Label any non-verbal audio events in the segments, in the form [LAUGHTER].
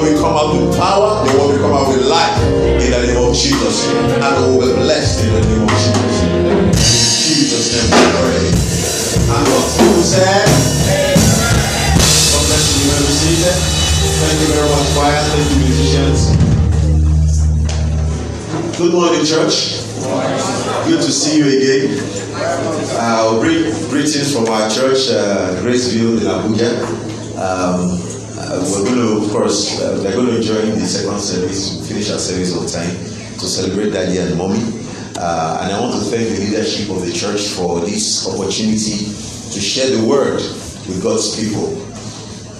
word will come out with power, the word will come out with life in the name of Jesus. And we will be blessed in the name of Jesus. In Jesus' name we pray. And what people said, God you, you receive it. Thank you very much, choir. Thank you, musicians. Good morning, church. Good to see you again. Uh, greetings from our church, uh, Graceville in Abuja. Um, uh, we're going to, of course, uh, we're going to join the second service, finish our service on time to celebrate Daddy and Mommy. Uh, and I want to thank the leadership of the church for this opportunity to share the word with God's people.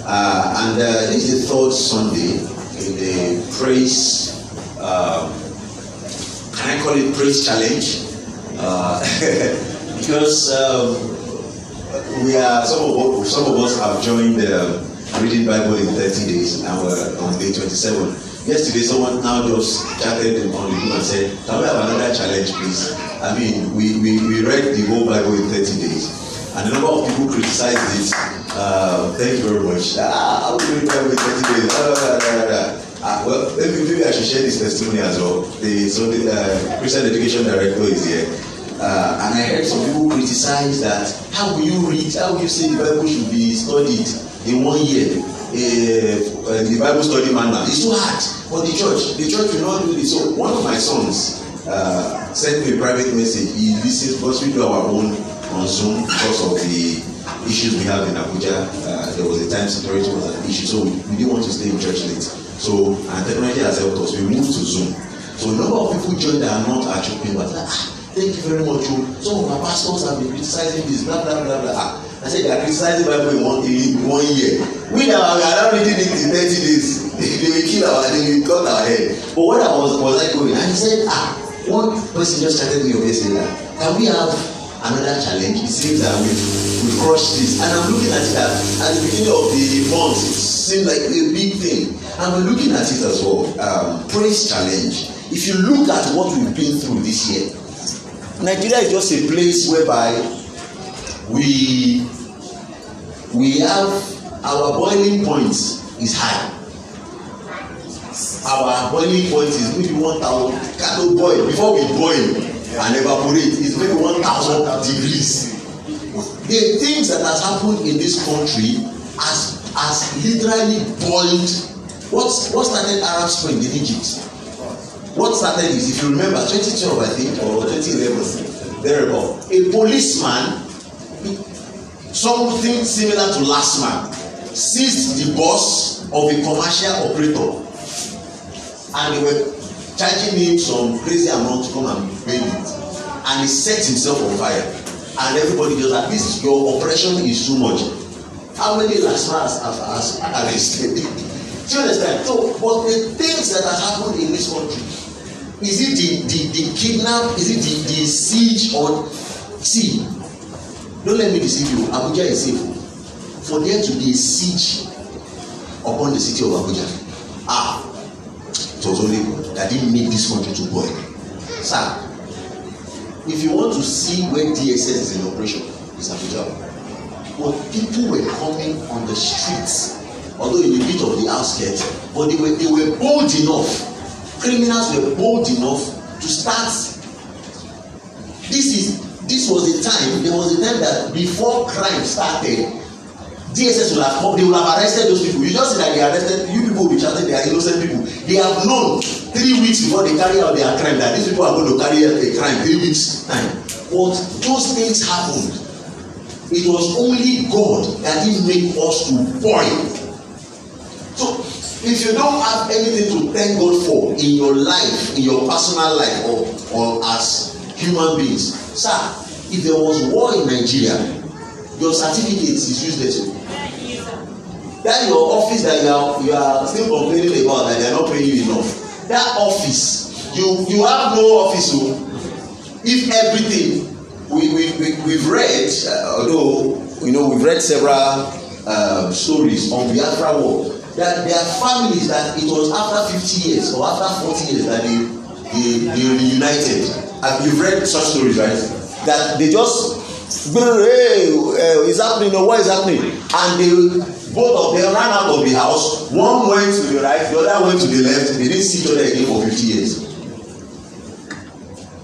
Uh, and uh, this is the third Sunday in the praise, um, can I call it praise challenge? Uh, [LAUGHS] because um, we are some of, some of us have joined the um, reading Bible in 30 days and we're on day 27. Yesterday, someone now just chatted on the group and said, Can we have another challenge, please? I mean, we, we, we read the whole Bible in 30 days. And a number of people criticized it. Uh, thank you very much. Ah, I'm reading Bible in 30 days. Ah, da, da, da, ah, well, maybe, maybe I should share this testimony as well. The, so the uh, Christian Education Director is here. Uh, and I heard some people criticize that how will you read, how will you say the Bible should be studied? in one year uh, uh, the bible study manual is too hard for the church the church will not do it so one of my sons uh, sent me a private message he listens because we do our own on zoom because of the issues we have in abuja uh, there was a time security was an issue so we, we didn't want to stay in church late so and technology has helped us we moved to zoom so a number of people join that are not actual church members ah thank you very much o oh. some of our pastors have been criticizing this blah blah blah blah ah I said they are criticizing Bible in one in one year. We now we are now reading it in 30 days. they will kill our they will cut our head. But what I was was I going? And he said, ah, one person just chatted me okay saying that can we have another challenge? It seems that we we crush this. And I'm looking at it at, at the beginning of the month. It seemed like a big thing. And we're looking at it as well. Um, praise challenge. If you look at what we've been through this year, Nigeria is just a place whereby we we have our boiling point is high our boiling point is maybe one thousand cattle boil before we boil and evaporate is maybe one thousand degrees the things that has happened in this country has has literally boiled what what started arab spring in egypt what started is if you remember twenty twelve i think or twenty eleven there go. a policeman something similar to last man seized the boss of a commercial operator and they were charging him some crazy amount to come and pay it and he set himself on fire and everybody just like this your operation is too much how many last man has has arrested [LAUGHS] do you understand so but the things that are happened in this country is it the the the kidnap is it the the siege on see Don't let me deceive you. Abuja is safe. For there to be a siege upon the city of Abuja. Ah, it was only God didn't make this country to boil. Sir, if you want to see where DSS is in operation, it's Abuja. But people were coming on the streets, although in a bit of the outskirts, but they were, they were bold enough. Criminals were bold enough to start. This is this was the time there was a time that before crime started dss will have come they will have arrested those people you just see that they arrested you people will be chatting they are innocent people they have known three weeks before they carry out their crime that these people are going to carry out a crime three weeks time but those things happened it was only god that fit make us to boil so if you don't have anything to thank god for in your life in your personal life or or as human beings Sir, if there was war in Nigeria, your certificate is useless. That your office that you are you are still complaining about that they are not paying you enough. That office, you you have no office o. Oh. If everything we we we we've read, uh, although you know we've read several um, stories on Biafra war that there are families that it was after fifty years or after forty years that they they they reunited and you've read such stories right that they just hey uh, is happening or what is happening and they both of them ran out of the house one went to the right the other went to the left they didn't see each other again for fifty years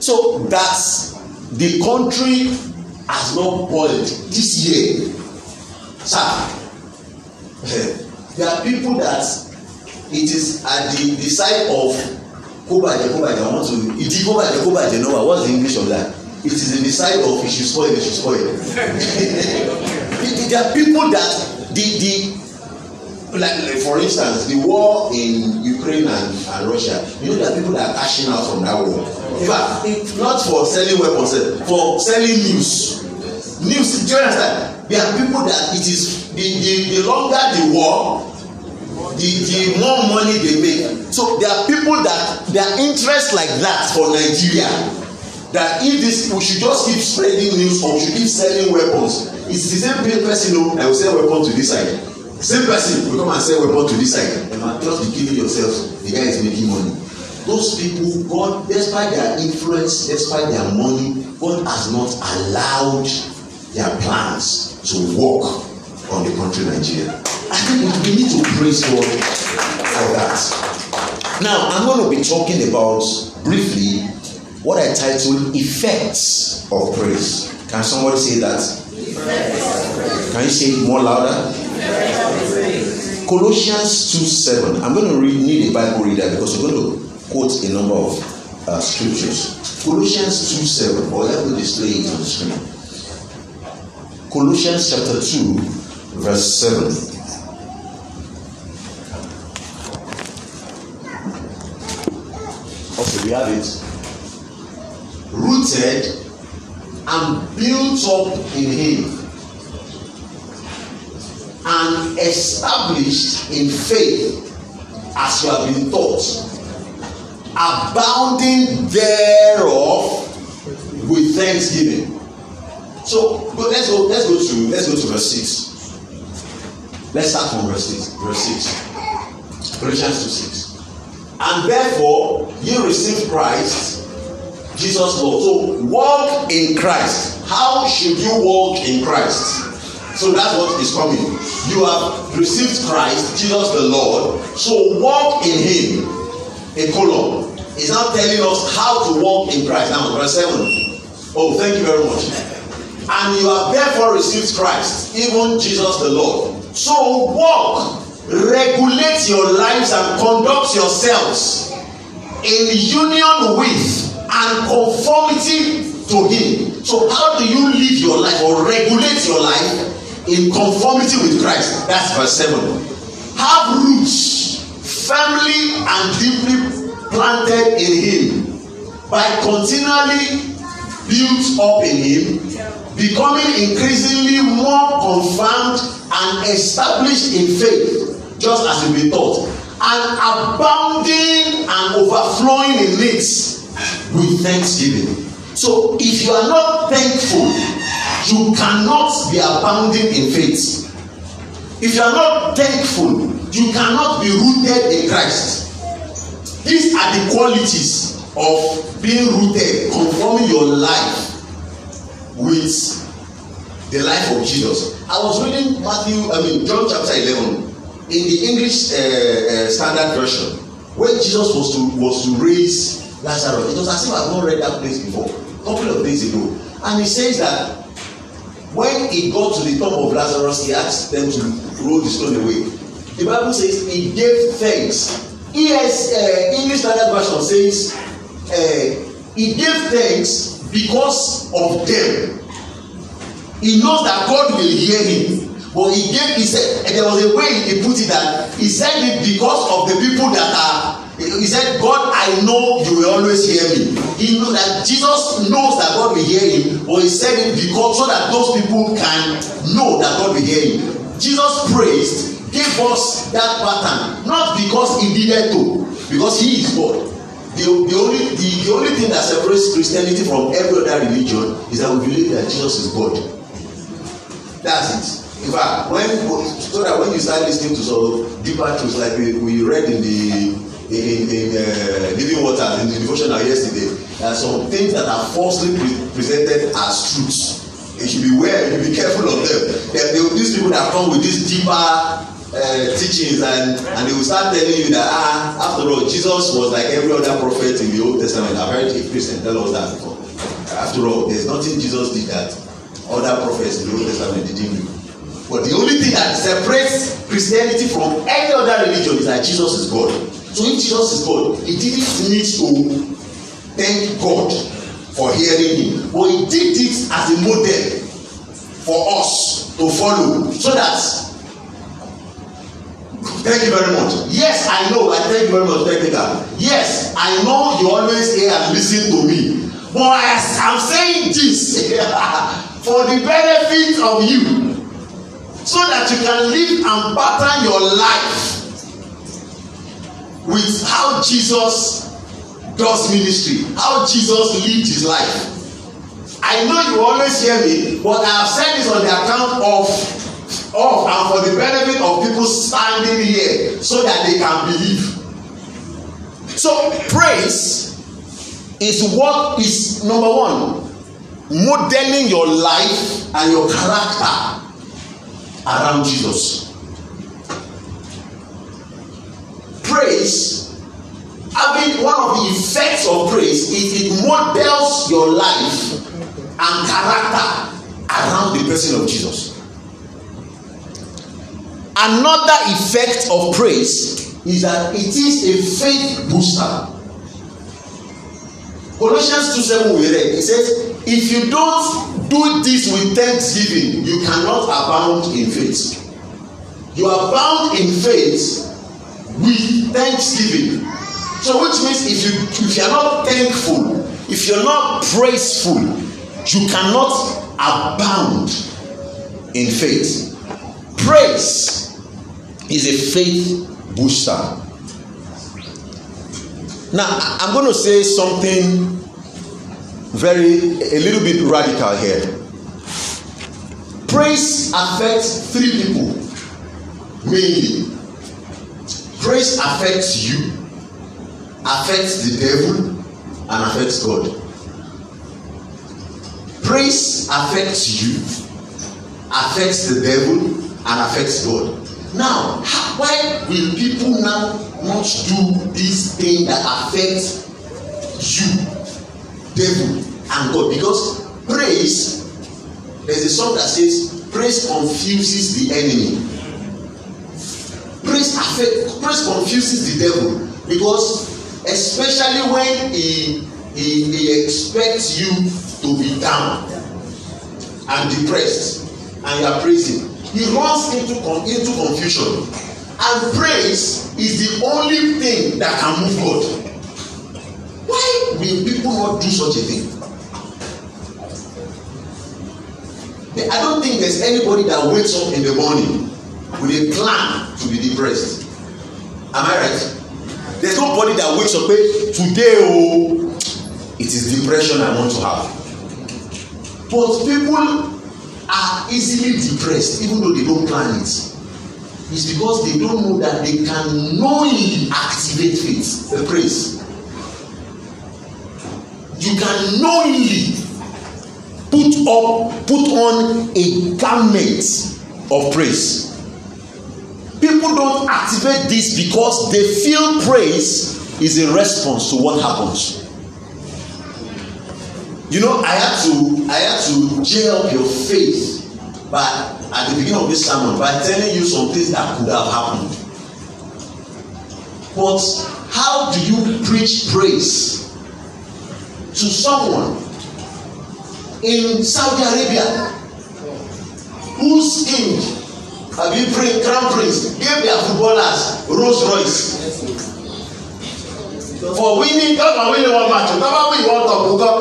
so that's the country has not boiled this year sir [LAUGHS] there are people that it is at the the side of kó bàjẹ́ kó bàjẹ́ I want to ìdí kó bàjẹ́ kó bàjẹ́ no wa what's the English of that it is in the side of if she spoil if she spoil [LAUGHS] there are people that the the like, like for instance the war in Ukraine and, and Russia you know there are people that are cashing out from that war in fact not for selling weapons eh, for selling news news do you understand there are people that it is the the the longer the war the the more money they make so there are people that their interest like that for nigeria that if this we should just keep spreading news or we should keep selling weapons it's the same person o oh, i will sell weapon to this side same person will come and sell weapon to this side and just be killing yourself the guy is making money those people god despite their influence despite their money god has not allowed their plans to work on the country Nigeria. we need to praise God for that. Now, I'm going to be talking about briefly what I titled Effects of Praise. Can somebody say that? Can you say it more louder? Colossians 2 7. I'm going to read, need a Bible reader because we're going to quote a number of uh, scriptures. Colossians 2 7. Or I will display it on the screen. Colossians chapter 2 verse 7. Okay, we have it. Rooted and built up in Him and established in faith as you have been taught, abounding thereof with thanksgiving. So but let's go. Let's go to let's go to verse six. Let's start from verse 6. Verse 6. Colossians 2 6. And therefore, you received Christ, Jesus Lord. So, walk in Christ. How should you walk in Christ? So that's what is coming. You have received Christ, Jesus the Lord. So walk in Him. A colon. He's now telling us how to walk in Christ. Now, verse 7. Oh, thank you very much. And you have therefore received Christ, even Jesus the Lord So walk, regulate your lives and conduct yourselves in union with and conformity to Him. So how do you live your life or regulate your life in conformity with Christ? That's verse 7. Have roots firmly and deeply planted in Him by continually built up in Him, becoming increasingly more confirmed and established in faith just as been taught and abounding and overflowing in needs with thanksgiving so if you are not thankful you cannot be abounding in faith if you are not thankful you cannot be rooted in christ these are the qualities of being rooted conforming your life with the life of Jesus. I was reading Matthew, I mean John chapter eleven in the English uh, uh, Standard Version, when Jesus was to was to raise Lazarus. It was as if I've not read that place before, a couple of days ago. And he says that when he got to the tomb of Lazarus, he asked them to roll the stone away. The Bible says he gave thanks. ES uh, English Standard Version says uh, he gave thanks because of them he knows that God will hear him but he gave he said and there was a way he put it that he said it because of the people that are he said God I know you will always hear me he know that Jesus knows that God will hear him but he said it because so that those people can know that God will hear him Jesus praised gave us that pattern not because he needed to because he is God the the only the, the only thing that separates Christianity from every other religion is that we believe that Jesus is God That's it. In fact, when so that when you start listening to some deeper truths like we, we read in the in in uh, living water in the devotional yesterday, there are some things that are falsely pre presented as truths. You should beware. You should be careful of them. There, there these people that come with these deeper uh, teachings and and they will start telling you that ah after all Jesus was like every other prophet in the Old Testament. I've heard a Christian tell us that before. After all, there's nothing Jesus did that other prophets in the Old Testament didn't do. But the only thing that separates Christianity from any other religion is that Jesus is God. So if Jesus is God, he didn't need to thank God for hearing him. But he did it as a model for us to follow so that thank you very much yes i know i thank you very much technical yes i know you always hear and lis ten to me but as i'm saying this [LAUGHS] for the benefit of you so that you can live and pattern your life with how Jesus does ministry how Jesus lived his life I know you always hear me but I have said this on the account of of and for the benefit of people standing here so that they can believe. So praise is what is number one modeling your life and your character around Jesus. Praise, having one of the effects of praise is it models your life and character around the person of Jesus. Another effect of praise is that it is a faith booster. Colossians 2 7 we read, it says, if you don't do this with thanksgiving you cannot abound in faith you abound in faith with thanksgiving so which means if you if you are not thankful if you are not praiseful you cannot abound in faith praise is a faith booster now i'm going to say something very a little bit radical here. Praise affects three people mainly. Praise affects you, affects the devil, and affects God. Praise affects you, affects the devil, and affects God. Now, why will people now not do this thing that affects you devil and God because praise there's a song that says praise confuses the enemy praise affect praise confuses the devil because especially when he he he expects you to be down and depressed and you are praising he runs into into confusion and praise is the only thing that can move God why will people not do such a thing? I don't think there's anybody that wakes up in the morning with a plan to be depressed. Am I right? There's nobody that wakes up hey, today oh it is depression I want to have. But people are easily depressed even though they don't plan it. It's because they don't know that they can knowingly activate faith, the praise you can knowingly put up put on a garment of praise people don't activate this because they feel praise is a response to what happens you know i had to i had to jail your faith by at the beginning of this sermon by telling you some things that could have happened but how do you preach praise to someone in Saudi Arabia whose king abi prince crown prince gave their footballers Rolls Royce for winning God win one match number win one top go [LAUGHS]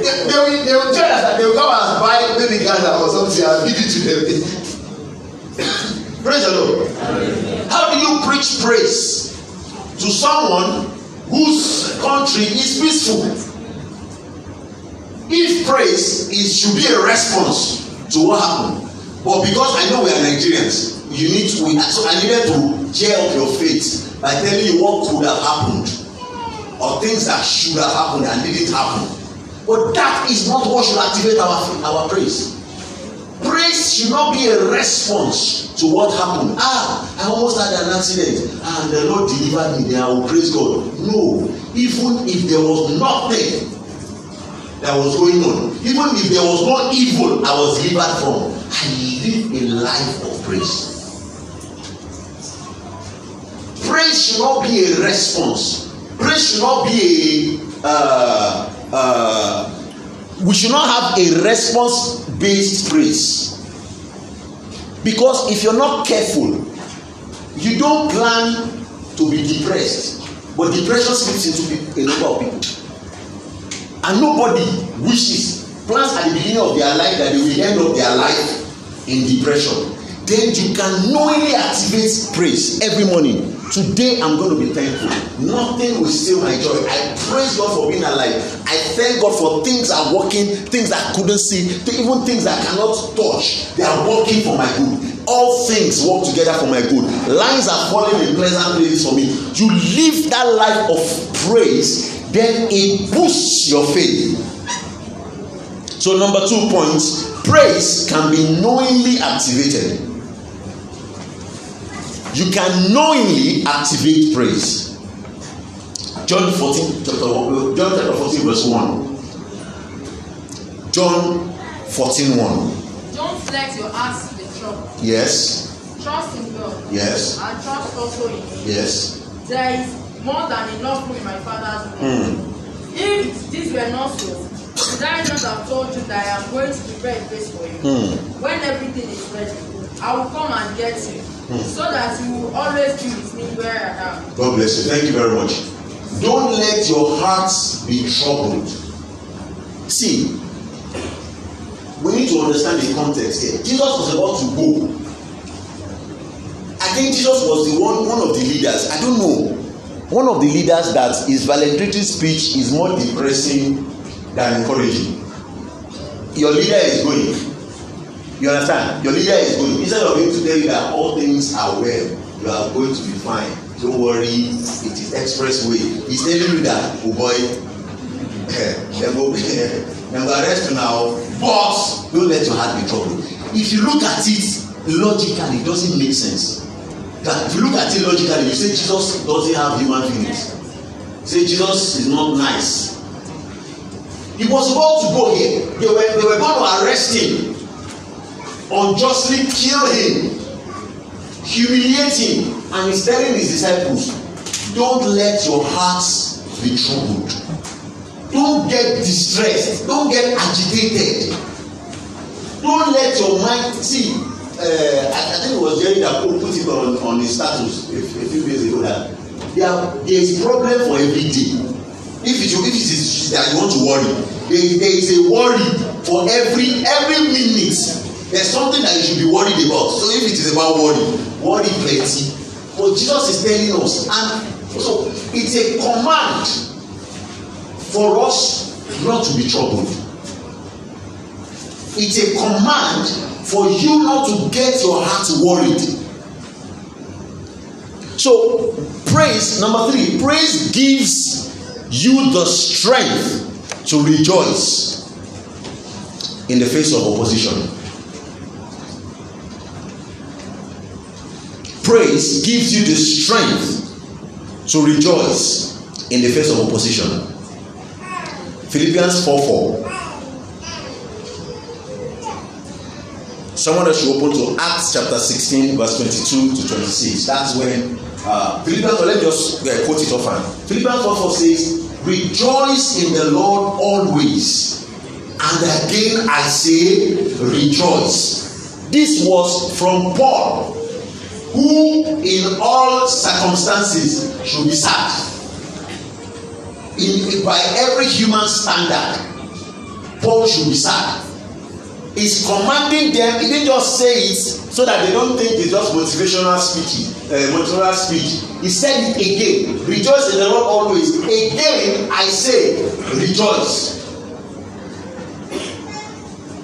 they will they will tell us that they will come and buy baby gaza or something and give it to them [LAUGHS] praise the Lord how do you preach praise to someone whose country is peaceful. If praise, is should be a response to what happened. But because I know we are Nigerians, you need to, we, so I needed to cheer up your faith by telling you what could have happened or things that should have happened and didn't happen. But that is not what should activate our, our praise. Praise should not be a response to what happened. Ah, I almost had an accident and ah, the Lord delivered me. Then I will praise God. No, even if there was nothing that was going on, even if there was no evil I was delivered from, I live a life of praise. Praise should not be a response. Praise should not be a. Uh, uh, we should not have a response based praise. Because if you're not careful, you don't plan to be depressed, but depression slips into a number of people. And nobody wishes, plans at the beginning of their life that they will end up their life in depression then you can knowingly activate praise every morning. Today I'm going to be thankful. Nothing will steal my joy. I praise God for being alive. I thank God for things are working, things I couldn't see, even things I cannot touch. They are working for my good. All things work together for my good. Lines are falling in pleasant places for me. You live that life of praise, then it boosts your faith. So number two point, praise can be knowingly activated you can knowingly activate praise. John 14, chapter 1, John chapter 14, verse 1. John 14, 1. Don't let your hearts be troubled. Yes. Trust in God. Yes. And trust also in Him. Yes. There is more than enough room in my Father's house. Mm. If this were not so, should I not have told you that I am going to prepare a place for you? Mm. When everything is ready, I will come and get you Hmm. So that you will always be with me where I am. God bless you. Thank you very much. Don't let your heart be troubled. See, we need to understand the context here. Jesus was about to go. I think Jesus was the one one of the leaders. I don't know. One of the leaders that his valedictory speech is more depressing than encouraging. Your leader is going You understand? Your leader is good. Instead of him to tell you that all things are well, you are going to be fine. Don't worry, it is express expressway. He's telling you that, oh boy, dem [LAUGHS] go dem [LAUGHS] go arrest you now, but don't let your heart be troubled. If you look at it logically, it doesn't make sense. That if you look at it logically, you say Jesus doesn't have human feelings. Say Jesus is not nice. He was about to go here. They were they were going to arrest him unjustly kill him, humiliate him, and he's telling his disciples, Don't let your hearts be troubled. Don't get distressed. Don't get agitated. Don't let your mind see. Uh, I, I think it was Jerry that put it on, on his status a, a few days ago that there, there is problem for every day if it if it is that you want to worry there, there is a worry for every every minute there's something that you should be worried about so if it is about worry worry plenty but jesus is telling us and so it's a command for us not to be troubled it's a command for you not to get your heart worried so praise number three praise gives you the strength to rejoice in the face of opposition praise gives you the strength to rejoice in the face of opposition. Philippians 4 4. Someone else should open to Acts chapter 16, verse 22 to 26. That's when uh, Philippians, or let me just uh, quote it often. Philippians 4 4 says, Rejoice in the Lord always. And again I say, Rejoice. This was from Paul who in all circumstances should be served in by every human standard Paul should be served is commanding them he didn't just say it so that they don't think it's just motivational speech. uh, motivational speech he said it again rejoice in the Lord always again I say rejoice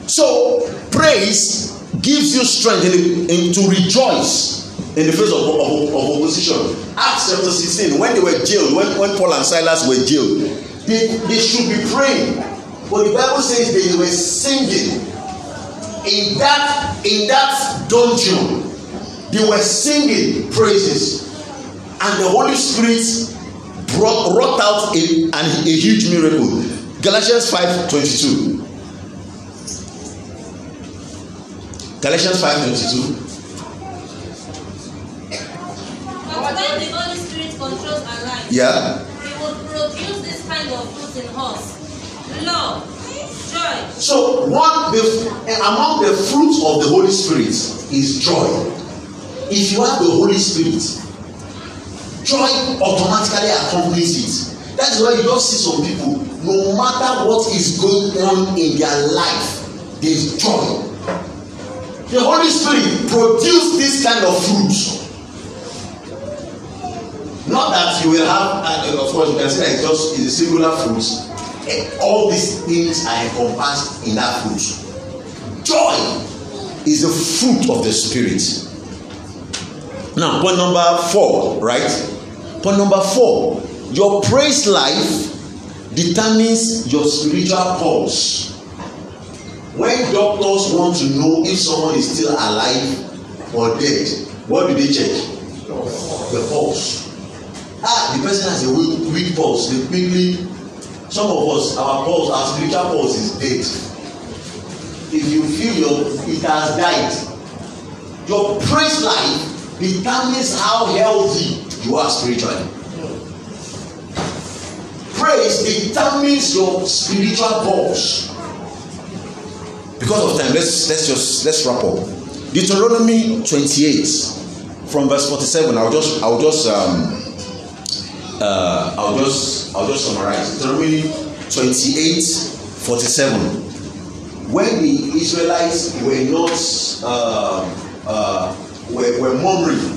so praise gives you strength in, in to rejoice in the face of, of, of opposition. Acts chapter 16, when they were jailed, when, when Paul and Silas were jailed, they, they should be praying. But the Bible says they were singing. In that, in that dungeon, they were singing praises. And the Holy Spirit brought, wrought out a, an, a huge miracle. Galatians 5 22. Galatians 5 22. when the Holy Spirit controls our lives, yeah. He will produce this kind of fruit in us. Love, joy. So what the, among the fruits of the Holy Spirit is joy. If you have the Holy Spirit, joy automatically accompanies it. That's why you don't see some people, no matter what is going on in their life, there's joy. The Holy Spirit produce this kind of fruit. Not that you will have, uh, of course, you can say that it's just it's a singular fruit. Eh, all these things are encompassed in that fruit. Joy is the fruit of the Spirit. Now, point number four, right? Point number four your praise life determines your spiritual pulse. When doctors want to know if someone is still alive or dead, what do they check? The pulse ah the person has a weak weak pulse dey quickly some of us our pulse our spiritual pulse is dead if you feel your it has died your praise life determines how healthy you are spiritually praise determines your spiritual pulse because of time let's let's just let's wrap up deuteronomy twenty-eight from verse forty-seven i'll just i'll just um, uh, I'll just I'll just summarize Deuteronomy twenty-eight forty-seven when the Israelites were not uh, uh, were were murmuring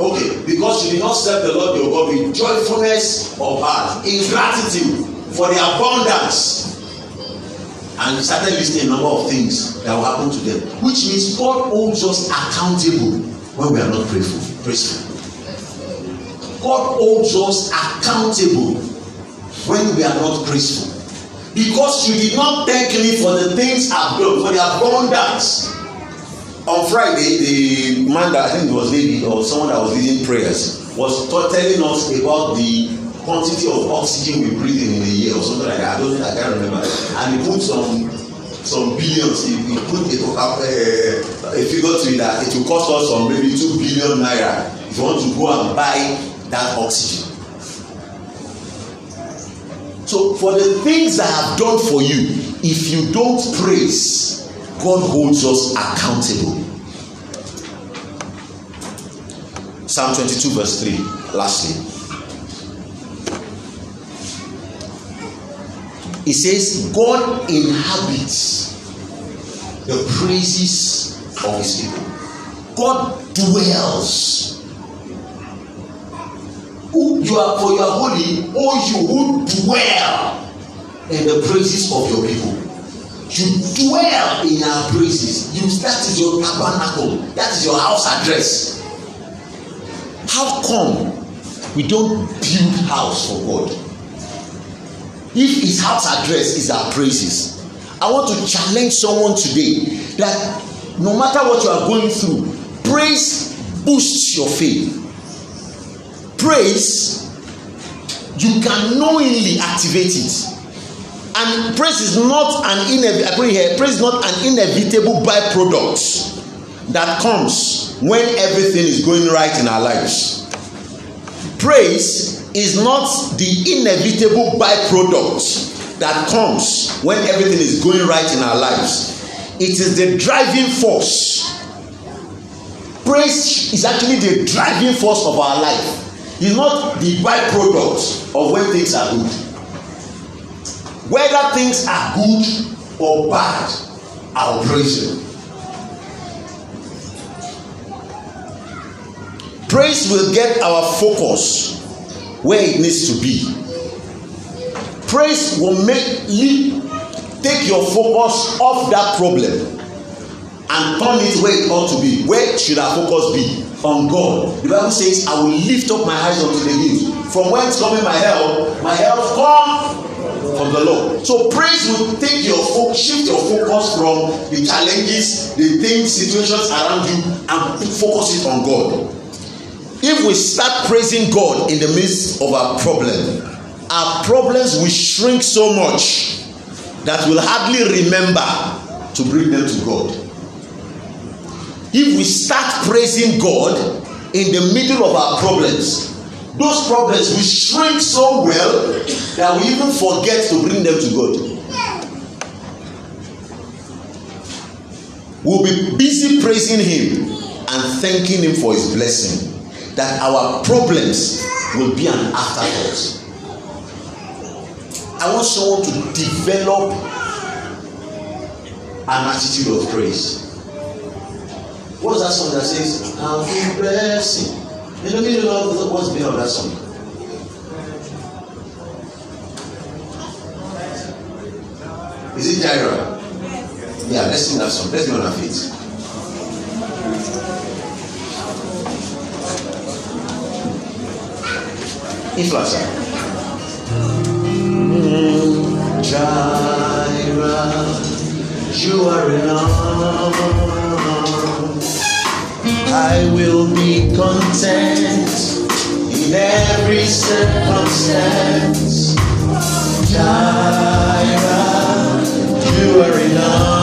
okay because you did not serve the Lord your God with joyfulness of heart in gratitude for the abundance and he started listing a number of things that will happen to them which means God holds us accountable when we are not grateful praise him. God holds us accountable when we are not grateful. Because you did not thank me for the things I've done, for the abundance. On Friday, the man that I think was David or someone that was leading prayers was telling us about the quantity of oxygen we breathe in, a year or something like that. I don't think I can remember. And he put some some billions he he put a uh, a figure to it that it will cost us some maybe two billion naira if you want to go and buy that oxygen. So, for the things I have done for you, if you don't praise, God holds us accountable. Psalm 22, verse 3, lastly. It says, God inhabits the praises of his people. God dwells who you are for your holy or oh, you who dwell in the praises of your people you dwell in our praises you that is your tabernacle that is your house address how come we don't build house for God if his house address is our praises I want to challenge someone today that no matter what you are going through praise boosts your faith praise, you can knowingly activate it. And praise is not an inevitable here, praise is not an inevitable byproduct that comes when everything is going right in our lives. Praise is not the inevitable byproduct that comes when everything is going right in our lives. It is the driving force. Praise is actually the driving force of our life is not the byproduct of when things are good whether things are good or bad our praise you. praise will get our focus where it needs to be praise will make you take your focus off that problem and turn it where it ought to be where should our focus be on God. The Bible says, I will lift up my eyes unto the hills. From whence coming my help? My help comes from the Lord. So praise will take your focus, shift your focus from the challenges, the things, situations around you, and focus it on God. If we start praising God in the midst of our problem, our problems will shrink so much that we'll hardly remember to bring them to God if we start praising God in the middle of our problems, those problems will shrink so well that we even forget to bring them to God. We'll be busy praising Him and thanking Him for His blessing. That our problems will be an afterthought. I want someone to develop an attitude of praise. What was that song that says, I'm progressing? You know, you know what's the meaning of that song? Is it Jaira? Yeah, let's sing that song. Let's be on our feet. Influencer. Mm-hmm. Jaira, you are enough. I will be content in every circumstance. Tyra, you are enough.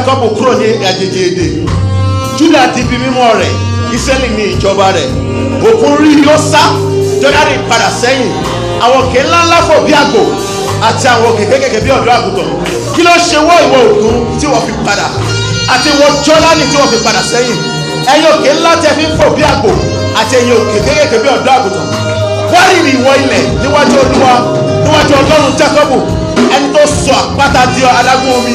Jákọ́bù kúrò ní àjèjì èdè Júdà ti fi mímọ́ rẹ̀ Ísírẹ́lì ní ìjọba rẹ̀ òkun rí yóò sá Jọ́dánì padà sẹ́yìn àwọn òkè ńláńlá fò bí àgbò àti àwọn òkè kékèké bí ọ̀dọ́ àgùntàn kí ló ṣe wọ́ ìwọ òkun tí wọ́n fi padà àti ìwọ Jọ́dánì tí wọ́n fi padà sẹ́yìn ẹ̀yin òkè ńlá tẹ fi ń fò bí àgbò àti ẹ̀yin òkè kékèké bí ọ̀dọ́ àgùntàn wárìrì ìwọ ilẹ̀ níwájú Olúwa níwájú Ọlọ́run Jákọ́bù ẹni tó sọ àpáta di adágún omi